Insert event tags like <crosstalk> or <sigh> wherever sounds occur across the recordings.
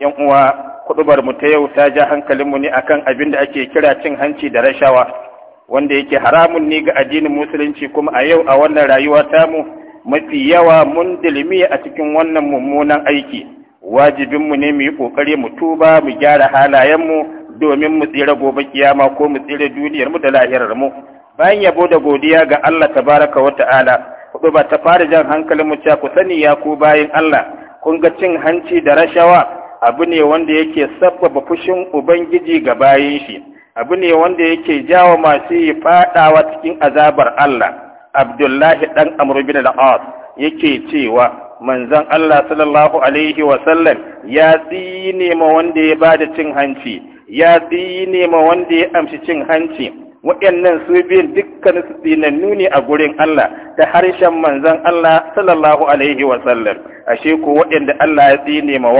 yan uwa kudubar mu ta yau ta ja hankalin mu ne akan abin da ake kira cin hanci da rashawa wanda yake haramun ne ga addinin musulunci kuma a yau a wannan rayuwa tamu mafi yawa mun dilimi a cikin wannan mummunan aiki wajibin mu ne mu yi kokari mu tuba mu gyara halayen mu domin mu tsira gobe kiyama ko mu tsira duniyar mu da lahirar mu bayan yabo da godiya ga Allah tabaraka wa ta'ala kudu ba ta fara jan hankalin mu cewa ku sani ya ku bayin Allah kun ga cin hanci da rashawa abu ne wanda yake sabbaba fushin ubangiji ga bayin shi abu ne wanda yake jawo masu yi fadawa cikin azabar Allah Abdullahi ɗan Amr bin yake cewa Manzan Allah sallallahu alaihi wa sallam ya tsine ma wanda ya bada cin hanci ya tsine ma wanda ya amshi cin hanci waɗannan su biyun dukkan su tsinannu ne a gurin Allah Ta harshen Manzan Allah sallallahu alaihi wa ashe ko waɗanda Allah ya tsine ma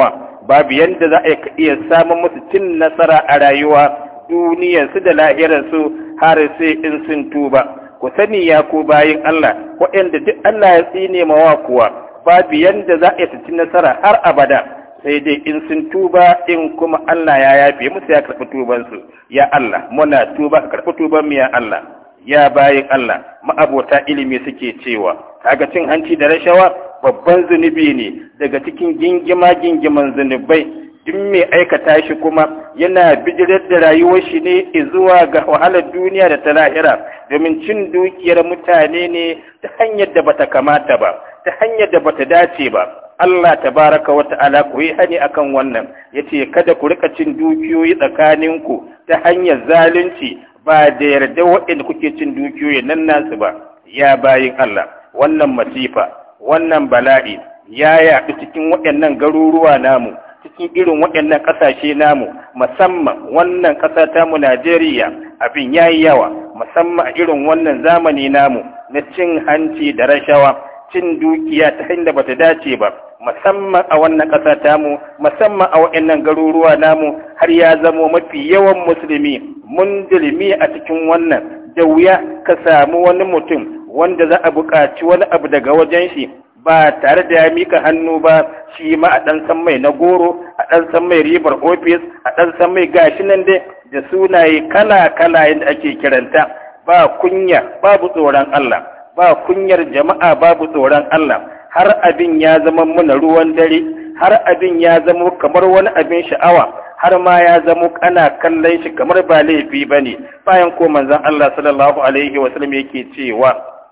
babu yadda za a iya samun musu cin nasara a rayuwa duniyarsu da lahirarsu har sai in sun tuba ku sani ya ku bayin Allah waɗanda duk Allah ya tsine mawa kuwa babu yadda za a iya cin nasara har abada sai dai in sun tuba in kuma Allah ya yafe musu ya karɓi tubansu ya Allah muna tuba ka karɓi tuban mu ya Allah ya bayan Allah ma'abota ilimi suke cewa kaga cin hanci da rashawa babban zunubi ne daga cikin gingima gingiman zunubai in mai aikata shi kuma yana bijirar da rayuwar shi ne zuwa ga wahalar duniya da ta lahira domin cin dukiyar mutane ne ta hanyar da bata kamata ba ta hanyar da bata dace ba Allah tabaraka wa ta'ala ku yi hani akan wannan yace kada ku rika cin dukiyoyi tsakaninku ta hanyar zalunci ba da yarda waɗanda kuke cin dukiyoyi nan nasu ba ya bayin Allah wannan masifa wannan bala'i ya yaɗu cikin waɗannan garuruwa namu cikin irin waɗannan ƙasashe namu musamman wannan ƙasa tamu Najeriya abin ya yi yawa musamman a irin wannan zamani namu na cin hanci da rashawa cin dukiya ta hanyar bata dace ba musamman a wannan ƙasa tamu musamman a waɗannan garuruwa namu har ya zamo mafi yawan musulmi mun dilmi a cikin wannan da wuya ka samu wani mutum wanda za a buƙaci wani abu daga wajen shi ba tare da ya mika hannu ba shi ma a ɗan san mai na goro a ɗan san mai ribar ofis a ɗan san mai gashi nan dai da sunaye kala-kala yadda ake kiranta ba kunya babu tsoron Allah ba kunyar jama'a babu tsoron Allah har abin ya zama muna ruwan dare har abin ya zama kamar wani abin sha'awa har ma ya zama ana kallon shi kamar ba laifi ba ne bayan ko manzon Allah sallallahu alaihi wasallam yake cewa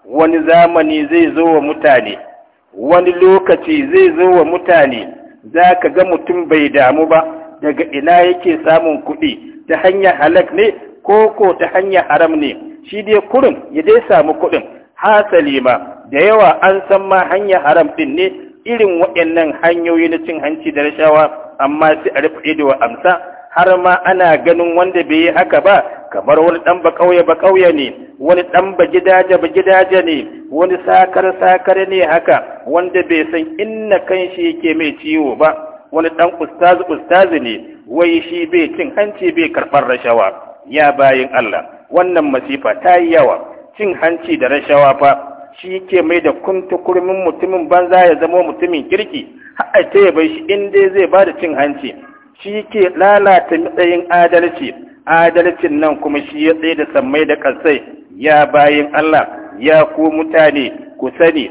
wani zamani zai zo wa mutane wani lokaci zai zo wa mutane za ka ga mutum bai damu ba daga ina yake samun kuɗi ta hanyar halak ne ko ko ta hanyar haram ne shi dai kurin ya dai samu kuɗin hasali ma da yawa an san ma hanyar haram din ne irin waɗannan hanyoyi na cin hanci da rashawa amma sai a rufe ido amsa har ma ana ganin wanda bai yi haka ba kamar wani ɗan ba ƙauye ba ƙauye ne wani ɗan ba gidaje ba gidaje ne wani sakar sakar ne haka wanda bai san inna kanshi yake mai ciwo ba wani ɗan ustazi ustazi ne wai shi bai cin hanci bai karɓar rashawa ya bayin Allah wannan masifa ta yi yawa cin hanci da rashawa fa shi yake mai da kuntukurmin mutumin banza ya zama mutumin kirki har ya bai shi in zai ba da cin hanci shi yake lalata matsayin adalci adalcin nan kuma shi ya tsaye da sammai da ƙasai ya bayin Allah ya ku mutane ku sani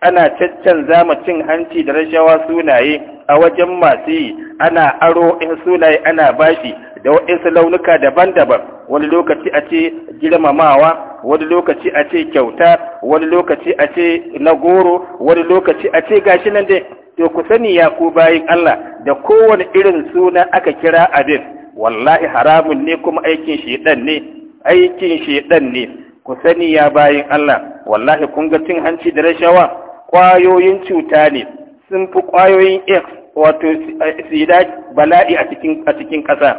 ana caccan zama cin hanci da rashawa sunaye a wajen masu yi ana aro in sunaye ana bashi da waɗansu launuka daban-daban wani lokaci a ce girmamawa wani lokaci a ce kyauta wani lokaci a ce na goro wani lokaci a ce gashi nan dai to ku sani ya ku bayin Allah da kowane irin suna aka kira abin wallahi haramun ne kuma aikin shedan ne aikin shedan ne ku sani ya bayin Allah wallahi kun ga cin hanci da rashawa kwayoyin cuta ne sun fi kwayoyin X wato eh, sida bala'i a cikin ƙasa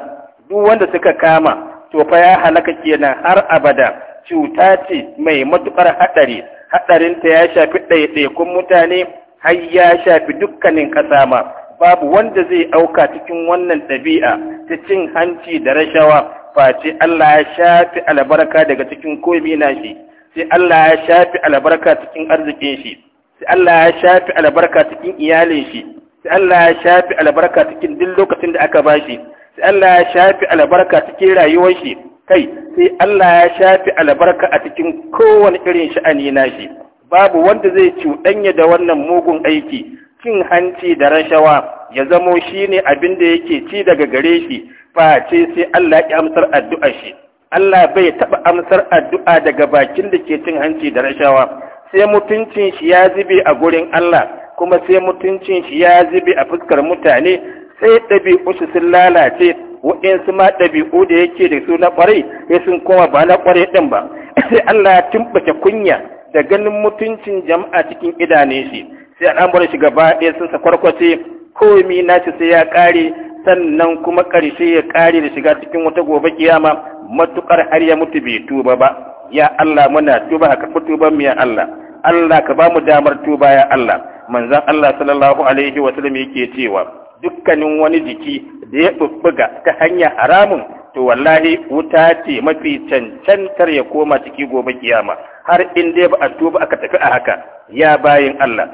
duk wanda suka kama to fa ya halaka kenan har abada cuta ce mai matukar haɗari haɗarinta ya shafi ɗaiɗaikun mutane har ya shafi dukkanin ƙasa ma babu wanda zai auka cikin wannan ɗabi'a ta cin hanci da rashawa face Allah ya shafi albarka daga cikin komai shi sai Allah ya shafi albarka cikin arzikin shi sai Allah ya shafi albarka cikin iyalin shi sai Allah ya shafi albarka cikin duk lokacin da aka bashi sai Allah ya shafi albarka cikin rayuwar shi kai sai Allah ya shafi albarka a cikin kowane irin sha'ani na shi babu wanda zai cuɗanya da wannan mugun aiki cin hanci da rashawa ya zamo shi ne abin da yake ci daga gare shi face sai Allah ya amsar addu'a shi Allah bai taɓa amsar addu'a daga bakin da ke cin hanci da rashawa sai mutuncin shi ya zube a gurin Allah kuma sai mutuncin shi ya zube a fuskar mutane sai ɗabi'u shi sun lalace waɗansu ma ɗabi'u da yake da su na ƙwarai sai sun koma ba na ƙwarai ɗin ba <laughs> sai Allah ya tumɓace kunya da ganin mutuncin jama'a cikin idanun shi sai al'amuran shi gaba ɗaya sun sa kwarkwace komi shi sai ya ƙare sannan kuma ƙarshe ya ƙare da shiga cikin wata gobe kiyama matuƙar har ya mutu bai tuba ba ya Allah muna tuba ka tuban mu ya Allah Allah ka ba mu damar tuba ya Allah manzon Allah sallallahu alaihi wa sallam yake cewa dukkanin wani jiki da ya bubbuga ta hanya haramun to wallahi wuta ce mafi cancantar ya koma ciki gobe kiyama har in dai ba a tuba aka tafi a haka ya bayin Allah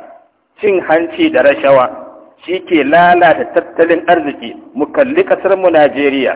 cin hanci da rashawa shi ke lalata tattalin arziki mu kalli kasar mu Najeriya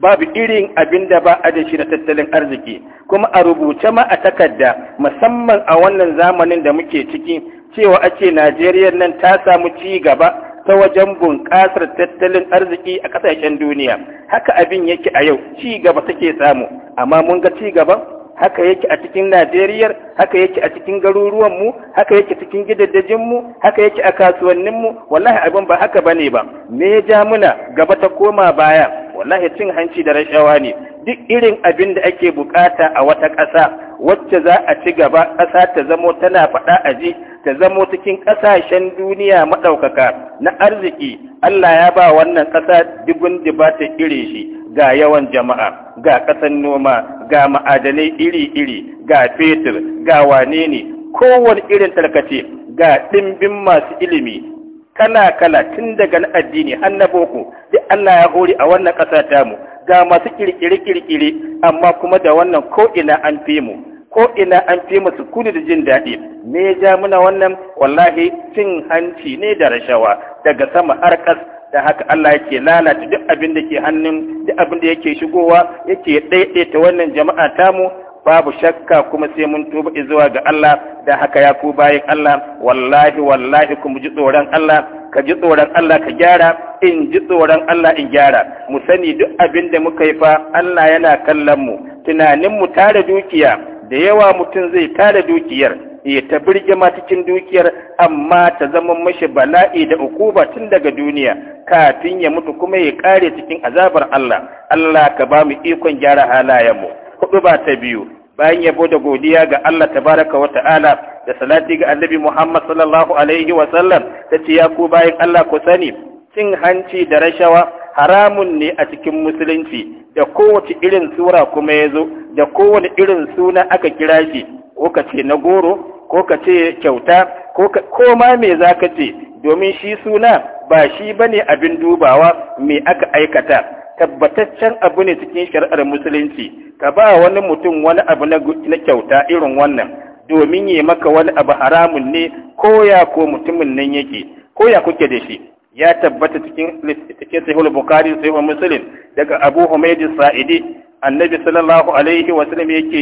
babu irin abin da ba a da shi na tattalin arziki kuma a rubuce ma a takarda musamman a wannan zamanin da muke ciki cewa ake Najeriya nan ta samu ci gaba ta wajen bunƙasar tattalin arziki a ƙasashen duniya haka abin yake a yau ci gaba take samu amma mun ga ci gaba, haka yake a cikin Najeriya haka yake a cikin garuruwan mu haka yake cikin gidaddajin mu haka yake a kasuwannin mu wallahi abin ba haka bane ba me ya ja muna gaba ta koma baya wallahi cin hanci da rashawa ne duk irin abin da ake bukata a wata ƙasa wacce za a ci gaba ƙasa ta zamo tana faɗa a ji ta zamo cikin ƙasashen duniya maɗaukaka na arziki Allah ya ba wannan ƙasa dubun dibata iri shi ga yawan jama'a ga ƙasan noma ga ma'adanai iri-iri ga fetur ga wane ne kowane irin tarkace ga ɗimbin masu ilimi kala-kala tun daga na addini har na boko duk Allah ya hori a wannan ƙasa tamu ga masu kirkire-kirkire amma kuma da wannan ko'ina an fi mu ko'ina an fi mu su kuni da jin daɗi me ya ja muna wannan wallahi cin hanci ne da rashawa daga sama arkas da haka Allah yake lalata duk abin da ke hannun duk abin da yake shigowa yake ɗaiɗaita wannan jama'a tamu babu shakka kuma sai mun tuba zuwa ga Allah da haka ya ku bayin Allah wallahi wallahi kuma ji tsoron Allah ka ji tsoron Allah ka gyara in ji tsoron Allah in gyara mu sani duk abin da muka yi fa Allah yana kallon mu tunanin mu tara dukiya da yawa mutum zai tare dukiyar ya ta birge ma cikin dukiyar amma ta zama mashi bala'i da ukuba tun daga duniya kafin ya mutu kuma ya kare cikin azabar Allah Allah ka ba mu ikon gyara halayen mu hudu ba ta biyu bayan yabo da godiya ga Allah tabaraka wa ta'ala da salati ga annabi Muhammad sallallahu alaihi wa sallam ta ce ya ku bayan Allah ku sani cin hanci da rashawa haramun ne a cikin musulunci da kowace irin sura kuma ya zo da kowane irin suna aka kira shi ko ka ce na goro ko ka ce kyauta ko ma me za ka ce domin shi suna ba shi bane abin dubawa me aka aikata tabbataccen abu ne cikin shari'ar musulunci ka ba wani mutum wani abu na kyauta irin wannan domin yi maka wani abu haramun ne ko ya ko mutumin nan yake ko ya kuke da shi ya tabbata cikin cikin sahihul bukhari sahihul muslim daga abu humaydi sa'idi annabi sallallahu alaihi wa sallam yake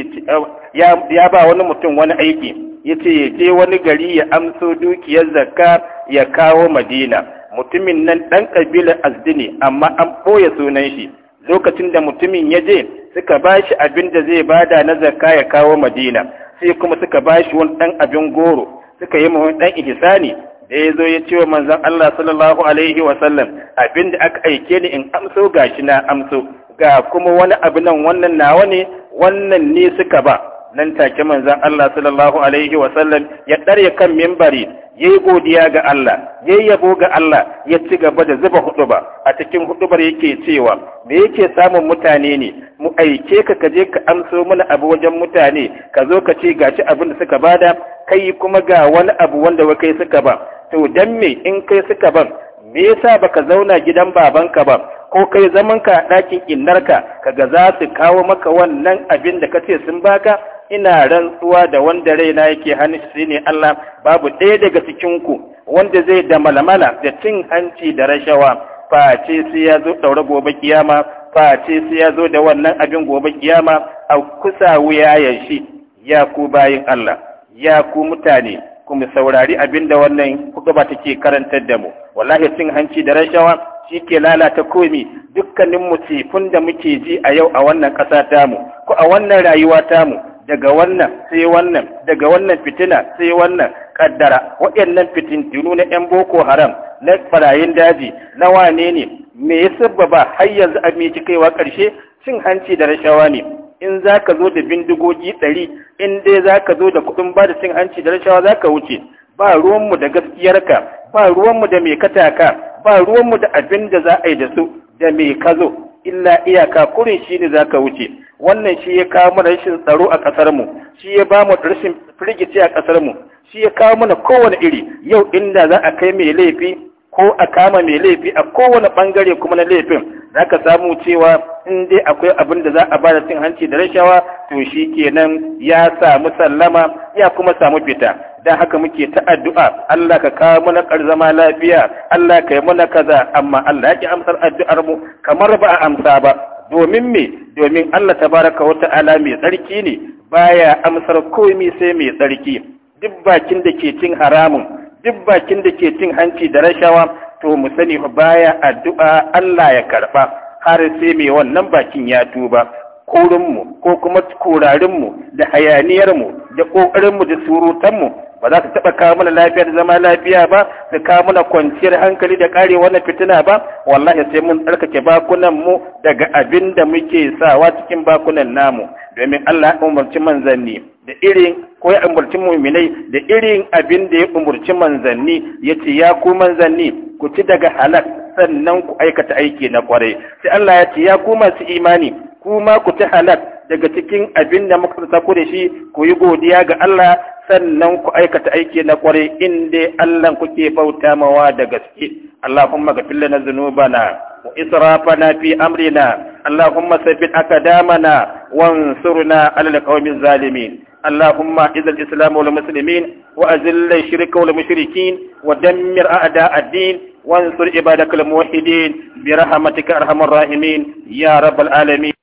ya ba wani mutum wani aiki yace ya je wani gari ya amso dukiyar zakka ya kawo madina mutumin nan ɗan ƙabilar azdi ne amma an ɓoye sunan shi lokacin da mutumin ya je suka ba shi abin da zai bada na zakka ya kawo madina sai kuma suka ba shi wani ɗan abin goro suka yi wani ɗan ne. da ya zo ya ce wa manzon Allah sallallahu alaihi wa sallam abin da aka aike ni in amso gashi na amso ga kuma wani abu nan wannan nawa ne wannan ne suka ba nan take manzan Allah sallallahu alaihi wa sallam ya ɗarya kan mimbari yayi godiya ga Allah yayi yabo ga Allah ya ci gaba da zuba huɗuba a cikin huɗubar yake cewa me yake samun mutane ne mu aike ka ka je ka amso mana abu wajen mutane ka zo ka ce gashi abin da suka bada kai kuma ga wani abu wanda wa kai suka ba to dan me in kai suka ban me yasa baka zauna gidan babanka ba ko kai zaman ka ɗakin innarka kaga za su kawo maka wannan abin da kace sun baka ina rantsuwa da wanda raina yake hannu shi ne Allah babu ɗaya daga cikinku wanda zai da malamala da cin hanci da rashawa face sai ya zo ɗaure gobe kiyama face sai ya zo da wannan abin gobe kiyama a kusa wuya ya shi ya ku bayin Allah ya ku mutane kuma saurari abin da wannan kuka ba take karantar da mu wallahi cin hanci da rashawa shi ke lalata komi dukkanin musifin da muke ji a yau a wannan ƙasa tamu ko a wannan rayuwa tamu daga wannan sai wannan daga wannan fitina sai wannan kaddara waɗannan fitintinu na 'yan boko haram na farayin daji na wane ne me ya sabbaba har yanzu a mai kaiwa ƙarshe cin hanci da rashawa ne in za ka zo da bindigogi ɗari in dai za ka zo da kuɗin ba da cin hanci da rashawa za ka wuce ba ruwanmu da gaskiyarka ba ruwanmu da mai kataka ba ruwanmu da abin da za a yi da su da mai ka zo illa iyaka kurin shi ne za ka wuce wannan shi ya kawo mana rashin tsaro a ƙasar mu shi ya ba mu rashin firgici a ƙasar mu shi ya kawo mana kowane iri yau inda za a kai mai laifi ko a kama mai laifi a kowane bangare kuma na laifin za ka samu cewa in dai akwai abin da za a ba da cin hanci da rashawa to shi kenan ya samu sallama ya kuma samu fita dan haka muke ta addu'a Allah ka kawo mana karzama lafiya Allah ka yi mana kaza amma Allah ya ki amsar addu'ar mu kamar ba a amsa ba domin me domin Allah Ta tabaraka wata ala mai tsarki ne baya amsar komai sai mai tsarki duk bakin da ke cin haramun duk bakin da ke cin hanci da rashawa to mu sani baya addu'a Allah ya karba har sai mai wannan bakin ya tuba kurinmu ko kuma kurarinmu da hayaniyarmu da ƙoƙarinmu da surutanmu ba za ta taɓa kawo mana lafiya da zama lafiya ba su kawo mana kwanciyar hankali da ƙare wannan fitina ba wallahi sai mun tsarkake bakunanmu daga abin da muke sawa cikin bakunan namu domin Allah ya umarci manzanni da irin ko ya umarci muminai da irin abin da ya umarci manzanni ya ce ya ku manzanni ku ci daga halak sannan ku aikata aiki na kwarai sai Allah ya ce ya ku masu imani kuma ku ci halal daga cikin abin da muka sako da shi ku yi godiya ga Allah sannan ku aikata aiki na kwarai in dai Allah kuke bauta mawa da gaske Allahumma ghfir lana dhunubana wa israfana fi amrina Allahumma sabbit aqdamana wansurna 'ala al-qawmi zalimin اللهم اذل الإسلام والمسلمين وأذل الشرك والمشركين ودمر أعداء الدين وانصر عبادك الموحدين برحمتك أرحم الراحمين يا رب العالمين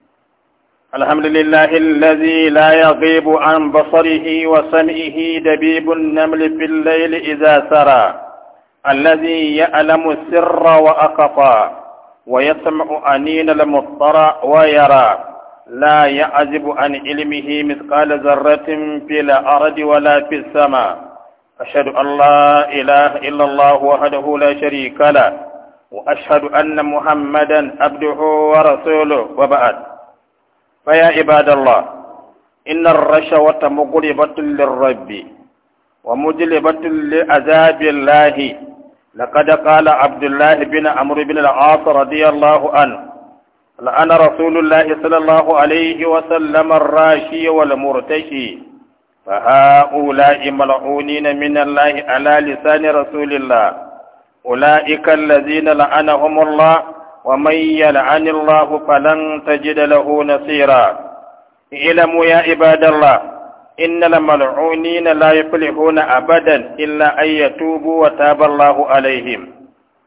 الحمد لله الذي لا يغيب عن بصره وسمعه دبيب النمل في الليل إذا سرى الذي يعلم السر وأخفى ويسمع أنين المضطر ويرى لا يعزب عن علمه مثقال ذرة في الأرض ولا في السماء أشهد أن لا إله إلا الله وحده لا شريك له وأشهد أن محمدا عبده ورسوله وبعد فيا عباد الله إن الرشوة مغلبة للرب ومجلبة لعذاب الله لقد قال عبد الله بن عمرو بن العاص رضي الله عنه لأن رسول الله صلى الله عليه وسلم الراشي والمرتشي فهؤلاء ملعونين من الله على لسان رسول الله أولئك الذين لعنهم الله ومن يلعن الله فلن تجد له نصيرا اعلموا يا عباد الله إن الملعونين لا يفلحون أبدا إلا أن يتوبوا وتاب الله عليهم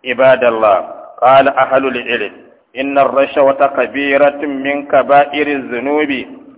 عباد الله قال أهل العلم إن الرشوة كبيرة من كبائر الذنوب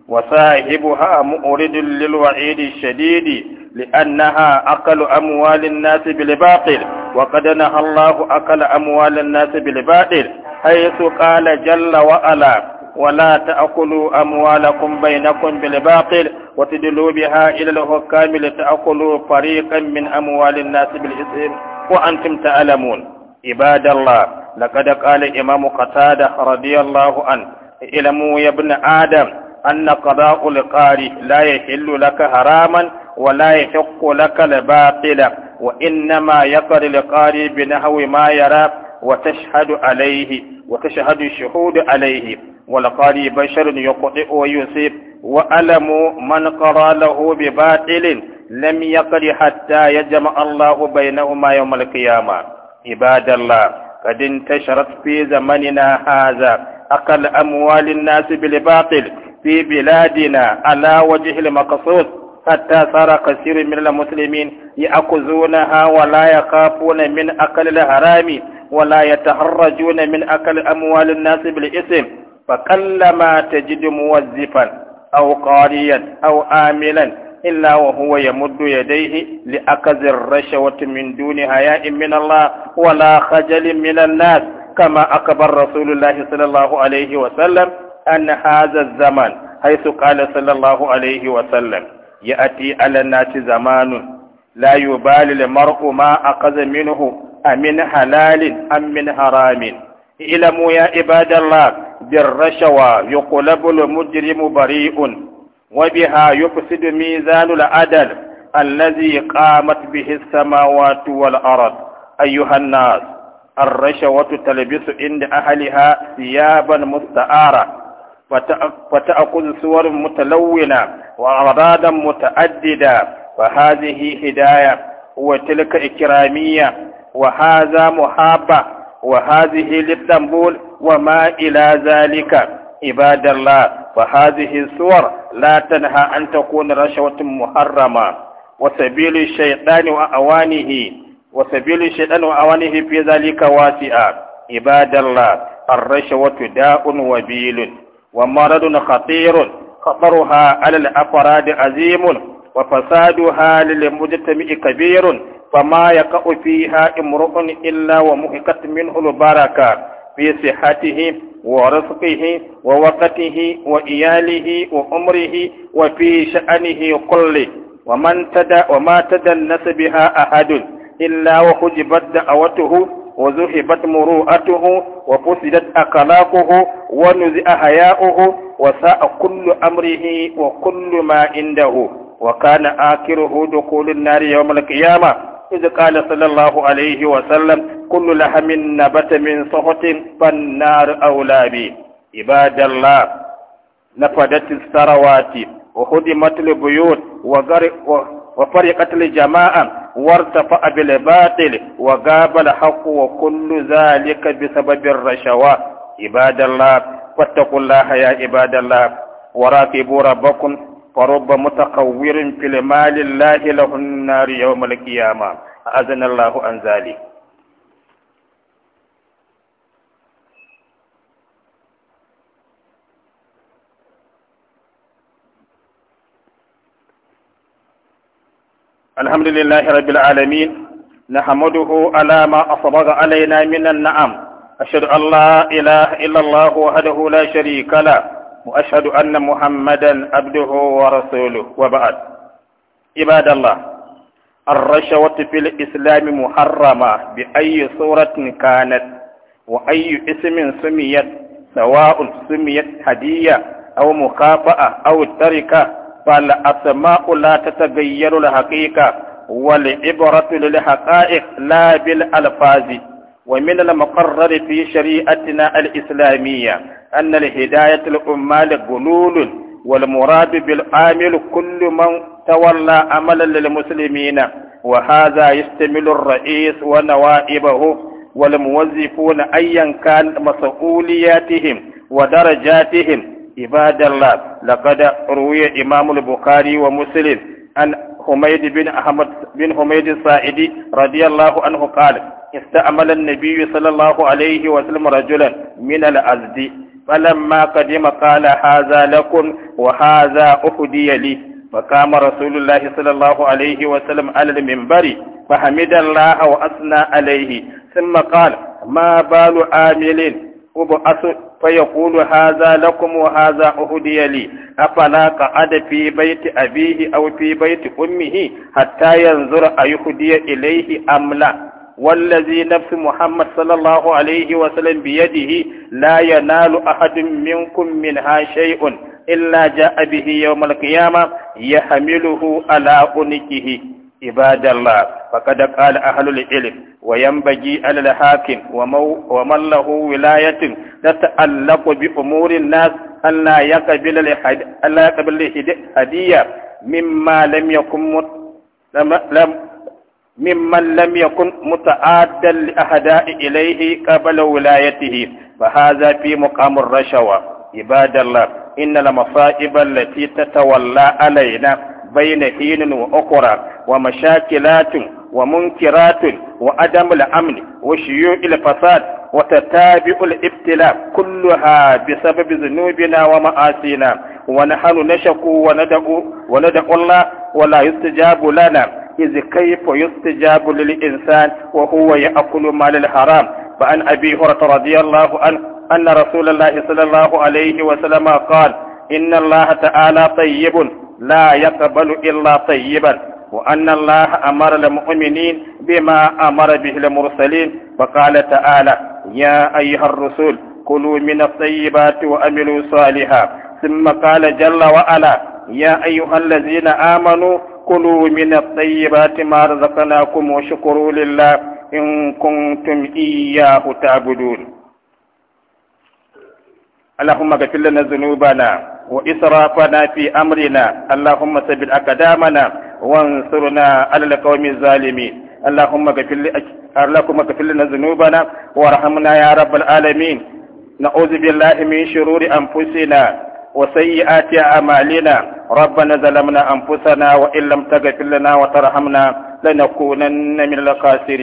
وصاحبها مؤرد للوعيد الشديد لأنها أقل أموال الناس بالباطل وقد نهى الله أقل أموال الناس بالباطل حيث قال جل وعلا ولا تأكلوا أموالكم بينكم بالباطل وتدلوا بها إلى الحكام لتأكلوا فريقا من أموال الناس بالإثم وأنتم تعلمون عباد الله لقد قال إمام قتادة رضي الله عنه إلموا يا ابن آدم أن قضاء القاري لا يحل لك حراما ولا يحق لك الباطل وإنما يقر القاري بنحو ما يرى وتشهد عليه وتشهد الشهود عليه ولقال بشر يقطئ ويصيب وألم من قرى له بباطل لم يقر حتى يجمع الله بينهما يوم القيامة عباد الله قد انتشرت في زمننا هذا أقل أموال الناس بالباطل في بلادنا على وجه المقصود hatta sara kasirun min al-muslimin ya'khuzunaha wa ya yakhafuna min akal al-harami wala ya yataharrajuna min akal amwal an-nas bil ism fa qallama tajidu muwazzifan aw qariyan amilan illa wa huwa yamuddu yadayhi li akazir rashawati min duni haya'in min Allah wa la khajalin nas kama aka bar sallallahu alaihi wa an hadha zaman haythu qala ya ati ala ci zamanu. la yubali lil mar'u ma aqaza minhu amin halalin am min haramin ilamu ya ibadallah bir rashawa yuqlabu mujrimu bari'un wa biha yufsidu mizanu al adl الذي قامت به السماوات والأرض أيها الناس الرشوة تلبس عند أهلها ثيابا مستعارة وتأخذ صور متلونة وأعراضا متعددة فهذه هداية وتلك إكرامية وهذا محابة وهذه للذنبول وما إلى ذلك عباد الله فهذه الصور لا تنهى أن تكون رشوة محرمة وسبيل الشيطان وأوانه وسبيل الشيطان وأوانه في ذلك واسعة عباد الله الرشوة داء وبيل ومرض خطير خطرها على الأفراد عظيم وفسادها للمجتمع كبير فما يقع فيها امرؤ إلا ومحقت منه البركة في صحته ورزقه ووقته وإياله وعمره وفي شأنه كله ومن تدا وما تدنس بها أحد إلا وحجبت دعوته وزهبت مروءته وفسدت أخلاقه ونزع حياؤه وساء كل أمره وكل ما عنده وكان آخره دخول النار يوم القيامة إذ قال صلى الله عليه وسلم كل لحم نبت من صحت فالنار أولى به عباد الله نفدت الثروات وهدمت البيوت وفرقت الجماعة وارتفع بالباطل وغاب الحق وكل ذلك بسبب الرشوات عباد الله واتقوا الله يا عباد الله وراقبوا ربكم فرب متقور في المال الله له النار يوم القيامة أذن الله عن ذلك الحمد لله رب العالمين نحمده على ما أصبغ علينا من النعم أشهد أن لا إله إلا الله وحده لا شريك له وأشهد أن محمدا عبده ورسوله وبعد عباد الله الرشوة في الإسلام محرمة بأي صورة كانت وأي اسم سميت سواء سميت هدية أو مكافأة أو تركة فالأسماء لا تتغير الحقيقة والعبرة للحقائق لا بالألفاظ ومن المقرر في شريعتنا الإسلامية أن الهداية الأمال غلول والمراد بالعامل كل من تولى عملا للمسلمين وهذا يستمل الرئيس ونوائبه والموظفون أيا كان مسؤولياتهم ودرجاتهم عباد الله لقد روي إمام البخاري ومسلم عن حميد بن أحمد بن حميد الساعدي رضي الله عنه قال استعمل النبي صلى الله عليه وسلم رجلا من الأزد فلما قدم قال هذا لكم وهذا أهدي لي فقام رسول الله صلى الله عليه وسلم على المنبر فحمد الله وأثنى عليه ثم قال ما بال عامل ubu'asu fa yaqulu hadha lakum wa hadha uhdiya li afala a bihi bayti abihi aw fi bayti ummihi hatta yanzura ayuhdiya ilayhi am la والذي نفس محمد صلى الله عليه وسلم بيده لا ينال أحد منكم منها a إلا جاء به يوم القيامة يحمله على أنكه عباد الله فقد قال أهل العلم وينبغي على الحاكم ومن له ولاية تتعلق بأمور الناس أن لا يقبل الهدية ألا يقبل هدية مما لم يكن مت... لم... لم ممن لم يكن متعادا لأهداء إليه قبل ولايته فهذا في مقام الرشوة عباد الله إن المصائب التي تتولى علينا بين حين وأخرى ومشاكلات ومنكرات وعدم الأمن وشيوع الفساد وتتابع الابتلاء كلها بسبب ذنوبنا ومآسينا ونحن نشكو وندعو, وندعو الله ولا يستجاب لنا إذ كيف يستجاب للإنسان وهو يأكل مال الحرام فعن أبي هريرة رضي الله عنه أن رسول الله صلى الله عليه وسلم قال إن الله تعالى طيب لا يقبل إلا طيبا وأن الله أمر المؤمنين بما أمر به المرسلين فقال تعالى يا أيها الرسول كلوا من الطيبات وأملوا صالحا ثم قال جل وعلا يا أيها الذين آمنوا كلوا من الطيبات ما رزقناكم وشكروا لله إن كنتم إياه تعبدون اللهم اغفر لنا ذنوبنا وإسرافنا في أمرنا اللهم ثبت أقدامنا وانصرنا على القوم الظالمين اللهم اغفر لنا ذنوبنا وارحمنا يا رب العالمين نعوذ بالله من شرور أنفسنا وسيئات أعمالنا ربنا ظلمنا أنفسنا وإن لم تغفر لنا وترحمنا لنكونن من الخاسرين